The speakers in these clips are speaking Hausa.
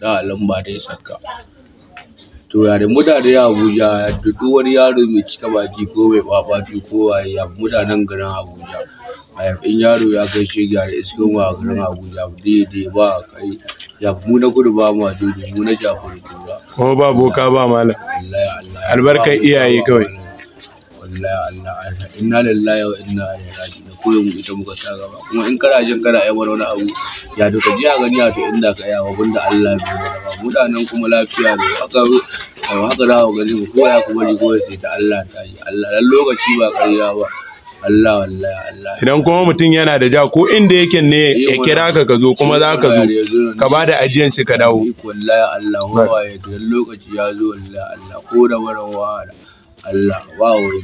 da lamba dai saka. to yaren mutane Abuja da duk wani yaro mai cika baki ko mai babatu ko waye ya mutanen garin Abuja a in yaro ya kai shi gyara iskan wa garin Abuja daidai ba a kai ya mu na gudu ba mu a mu na jafar kura ko ba boka ba malam albarkar iyaye kawai wallahi Allah Allah inna lillahi wa inna ilaihi raji'un koyo mu ita muka ta gaba kuma in kana jin kana yi wani abu ya to ka ji a gani to inda ka yawa bunda Allah bai mana ba nan kuma lafiya ne haka eh, haka za ku gani ko ya kuma bari ko sai ta Allah ta yi Allah dan lokaci ba ƙarya ba Allah wallahi Allah idan kuma mutum yana da ja ko inda yake ne eh, ya kira ka ka zo kuma za ka zo ka ba da ajiyan shi ka dawo wallahi Allah wawaye to lokaci ya zo wallahi Allah ko da warawa Allah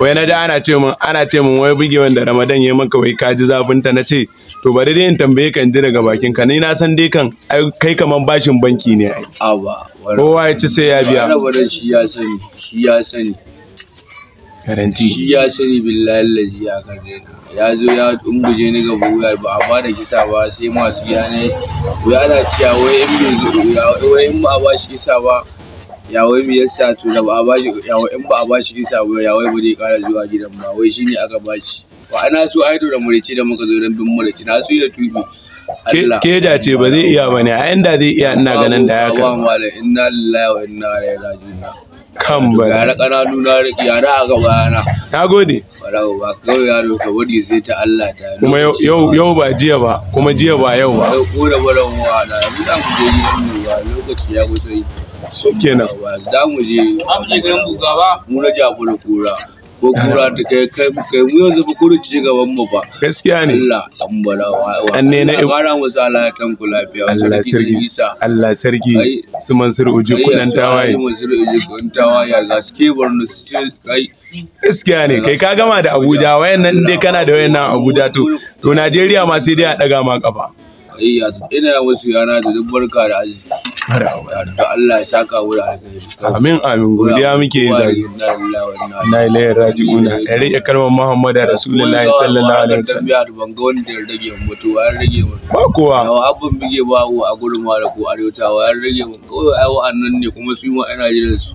wai na da ana ce min ana ce min wai buge wanda Ramadan ya maka wai kaji zafin ta nace to bari dai in tambaye kan ji daga bakin ka ni na san dai kan kai kaman bashin banki ne ai aba kowa ya ci sai ya biya wannan shi ya sani shi ya sani garanti shi ya sani billahi allazi ya karne ya zo ya dumbuje ni ga buya ba a bada kisa ba sai masu gane wai ana cewa wai in bai zuwa wai in ba shi kisa ba yawai me yasa to da ba a bashi yawai in ba a bashi kisa ba yawai ba zai kara zuwa gidan ba wai shine aka bashi ba ana so ai da murici da muka zo ran bin murici na so ya tubi ke da ce ba zai iya bane a inda zai iya ina ganin da ya kan inna lillahi wa inna ilaihi raji'un kan ba yara kananu na yara a gaba na na gode barau ba kawai yaro ka wadi sai ta Allah ta kuma yau yau ba jiya ba kuma jiya ba yau ba yau kore baran wa na mu dan ku je gidan mu ba lokaci ya gusa so kenan za mu je mu je gidan buga ba mu na jabulu kura ko kura ta kai kai kai mu yanzu ba kuri ci gaban mu ba gaskiya ne Allah an bala wa anne na ibara mu za Allah ya tanku lafiya Allah sarki Allah sarki su mansur uji kudan tawaye mansur uji kudan tawaye Allah suke barno su ce kai gaskiya ne kai ka gama da Abuja wayannan dai kana da wayannan Abuja to to Najeriya ma sai dai a daga ma kafa ayya ina ya musu yana da duk barka da arziki da Allah ya saka mu da alkhairi amin amin godiya muke yi zai na ilahi raji'una ya rike kalmar Muhammadu Rasulullahi sallallahu alaihi wasallam ya ban ga wanda ya rage mutuwa ya rage mutuwa ba kowa yawa abun bige ba a gurin mara ko arewtawa ya rage mu kawai ai wa'annan ne kuma su ma ina jiran su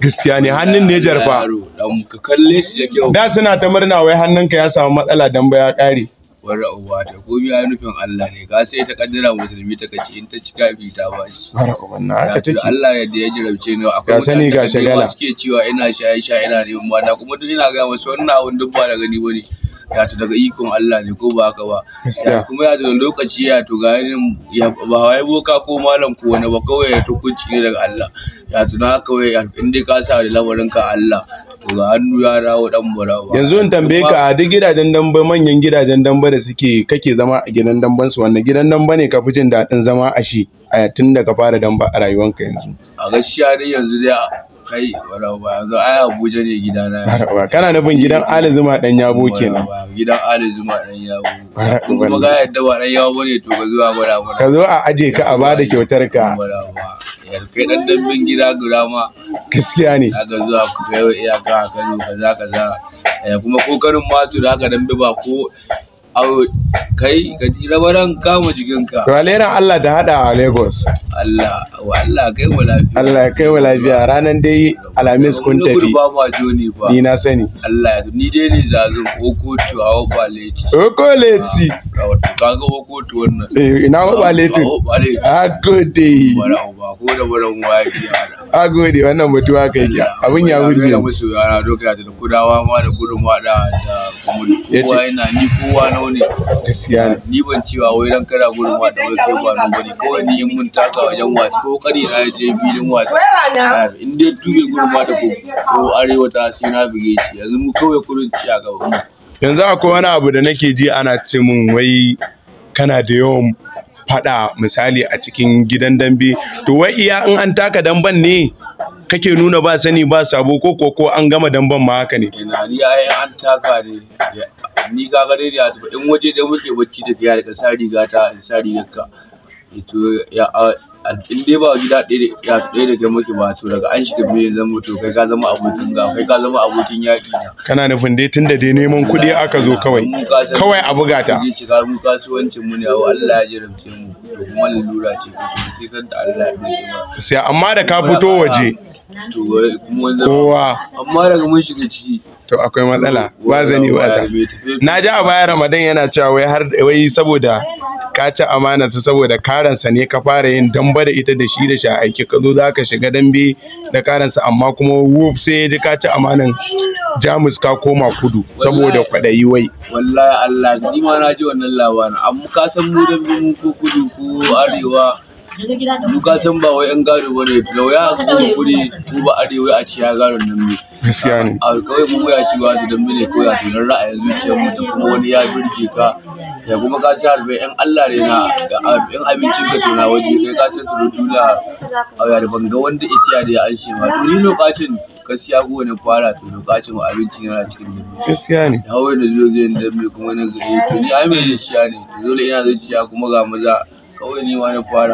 gaskiya ne hannun ne jarfa da suna ta murna wai ka ya samu matsala dan ba ya kare wara uwa ta komi ya nufin Allah ne ga sai ta kaddara musulmi ta kace in ta ci kafi ta ba shi uwa na haka take Allah ya da ya jirabce ni akwai sani ga shagala ke cewa ina shaye shaye ina neman na kuma duk ina ga wasu wannan abun dubba ba da gani bane ya daga ikon Allah ne ko ba haka ba kuma ya to lokaci ya to ga ya ba wai boka ko malam ko wani ba kawai ya to kunci ne daga Allah ya to na kawai in dai ka sa da lamarin ka Allah to ga hannu ya rawo dan murawa yanzu in tambaye ka a duk gidajen dambe manyan gidajen dambe da suke kake zama a gidan damban su wannan gidan dambe ne ka fi jin daɗin zama a shi a tun daga ka fara dambe a rayuwanka yanzu a gaskiya dai yanzu dai kai wala ba yanzu ai Abuja ne gidana kana nufin gidan Ali Zuma dan yabo kenan gidan Ali Zuma dan yabo kuma ga yadda ba dan yabo ne to ka zuwa gwada mana ka zo a aje ka a bada kyautar ka yar kai dan dambin gida gura ma gaskiya ne ka zuwa ku kai iyaka ka zo kaza kaza eh, kuma kokarin ma to da ka dambe ba ko kai ka rabaran kama jikinka raleran Allah da hada a Lagos Allah wa Allah kai wa lafiya Allah kai wa lafiya ranan dai Alhamis kun tafi ba ma joni ba ni na sani Allah ni dai ne zo oko to a ba leti oko leti ka ga oko to wannan eh ina ah, ba leti a gode bara ba ko da baran waye a gode wannan mutuwa kai ki abun ya wuce ne musu yara doka da kudawa ma da gudunwa da kuma kowa yana ni kowa nawa ne gaskiya ni ban cewa wai ran kana gurin wasa wai kai ba nan bane kawai ni in mun taka wajen wasa ko kare na je filin wasa in dai tuge gurin ma da ko arewa ta sai na buge shi yanzu mu kawai kurin ci a gaba yanzu akwai wani abu da nake ji ana ce min wai kana da yawan fada misali a cikin gidan dambe to wai iya in an taka damben ne kake nuna ba sani ba sabo ko ko ko an gama damban ma haka ne ina eh, ni ai an taka ne ni ga gare da in waje da muke bacci da ya da sa riga ta sa eh, ya in dai ba gida ɗaya da kai muke ba to daga an shiga biyu zan mutu kai ka zama abokin ga kai ka zama abokin yaƙi na kana nufin dai tunda dai neman kuɗi aka zo kawai kawai a buga ta je shiga mu kasuwancin mu ne Allah ya jarabce mu to kuma lura ce sai kan da Allah ya sai amma da ka fito waje to kuma kowa amma daga mun shiga ciki to akwai matsala ba zani ba za na ji a baya ramadan yana cewa wai har wai saboda ka ci amana sa saboda sa ne ka fara yin damba da ita da shi da shi aiki ka zo za ka shiga dambe da sa amma kuma wuf sai ya ji ka ci amanan jamus ka koma kudu saboda kwadayi wai wallahi allah ni ma na ji wannan labarin amma ka san mu dambe mu ko kudu ko arewa Duka ba wai 'yan gado ba ne, lauya a kuma kuri ko ba arewa a ciya garin nan ne. gaskiya ne a kawai mu ya shi wasu dan bane ko ya tunan ra'ayin zuciyar mu da kuma wani ya birge ka ya kuma ka ci harbe yan Allah ne na da yan abincin ka tona waje Sai ka ci turu tula a ban ga wanda ya ciya da ya an shema to ni lokacin gaskiya ko ne fara to lokacin abincin yana cikin gaskiya ne hawaye da zo zai dan me kuma na gari to ni ai me shi ne dole ina zuciya kuma ga maza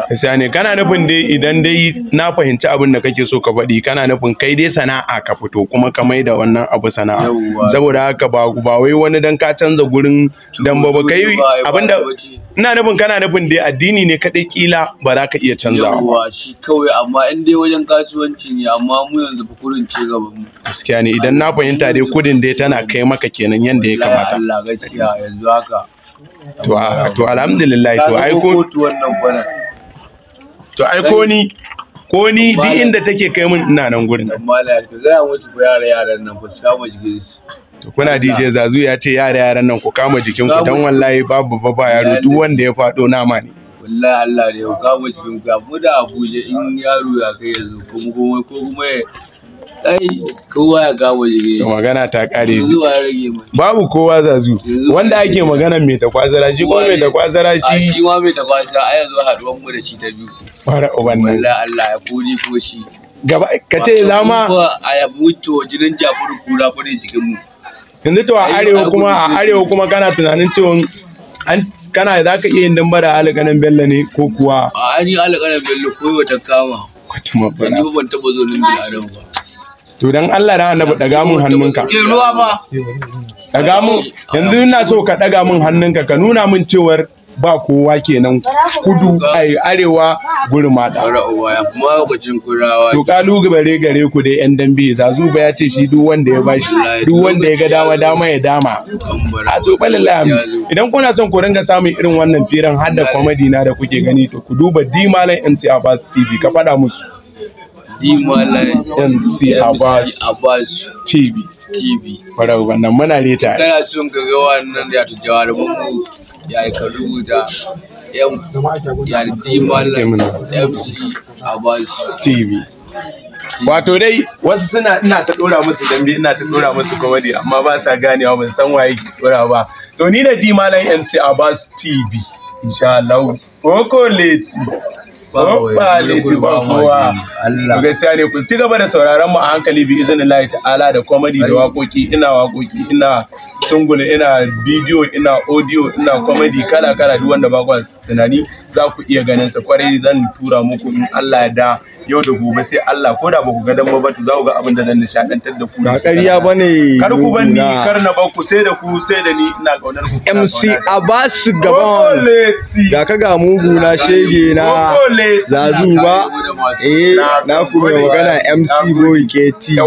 Gaskiya ne kana nufin dai idan dai na fahimci abin da kake so ka faɗi kana nufin kai dai sana'a ka fito kuma ka mai da wannan abu sana'a saboda haka ba ba wai wani dan ka canza gurin dan ba ba kai abinda ina nufin kana nufin dai addini ne kadai kila ba za ka iya canzawa yawa shi kawai amma in dai wajen kasuwanci ne amma mu yanzu fa kurin ce gaban mu gaskiya ne idan na fahimta dai kudin dai tana kai maka kenan yanda ya kamata Allah gaskiya yanzu haka to to alhamdulillah to ai ko to ai ko ni ko ni duk inda take kai min ina nan gurin to kuna DJ Zazu ya ce yara yaran nan ku kama jikin ku dan wallahi babu baba yaro duk wanda ya fado nama ne wallahi Allah ne ku kama jikin ku mu da Abuja in yaro ya kai yanzu kuma ko kuma kowa ya kama jire magana ta kare babu kowa zazu wanda ake magana mai ta takwazara shi kuma mai ta takwazara shi shi ma mai ta takwazara a yanzu haduwan mu da shi ta biyu fara uban nan wallahi Allah ya kori ko shi gaba kace zama a yabu to jinin jafuru kura bane jikin mu yanzu to a arewa kuma a arewa kuma kana tunanin cewa an kana za ka iya yin damba da alƙanan bello ne ko kuwa a ni alƙanan bello ko ta kama kwata mafana ni ban taɓa zo nan da adam ba to dan Allah na annabi daga mun hannunka daga mun yanzu ina so ka daga mun hannunka ka nuna mun cewar ba kowa kenan kudu ai arewa kurawa to kalu gare gare ku dai yan dambe zazu ba ya ce shi duk wanda ya bashi duk wanda ya ga dawa dama ya dama a to balallahi idan kuna son ku ringa samun irin wannan firan har da comedy na da kuke gani to ku duba D Malam MC Abbas TV ka faɗa musu Dimalan MC Abbas Abbas TV TV farau wannan muna leta kana son ka ga wannan ya to jawar mu ya yi ka rubuta M ya di MC Abbas TV Wato dai wasu suna ina ta dora musu dambe ina ta dora musu comedy amma ba sa ganewa ban san waye ke dora ba to ni da di MC Abbas TV insha Allah ko leti ba laifi ba kowa gaskiya ne ku ci gaba da sauraron mu a hankali bi izinin Allah ta'ala da comedy da wakoki ina waƙoƙi ina singul ina bidiyo ina audio ina comedy kala kala duk wanda ba ku tunani za ku iya ganin sa kwarai zan tura muku in Allah da yau da gobe sai Allah ko da ba ku ga dan ba za ku ga abin da zan nishadantar da ku ba kariya bane kar ku ban ni kar na ba ku sai da ku sai da ni ina kaunar ku MC Abbas Gabon da ka ga mugu na shege na zazu ba eh na ku mai magana MC Boy KT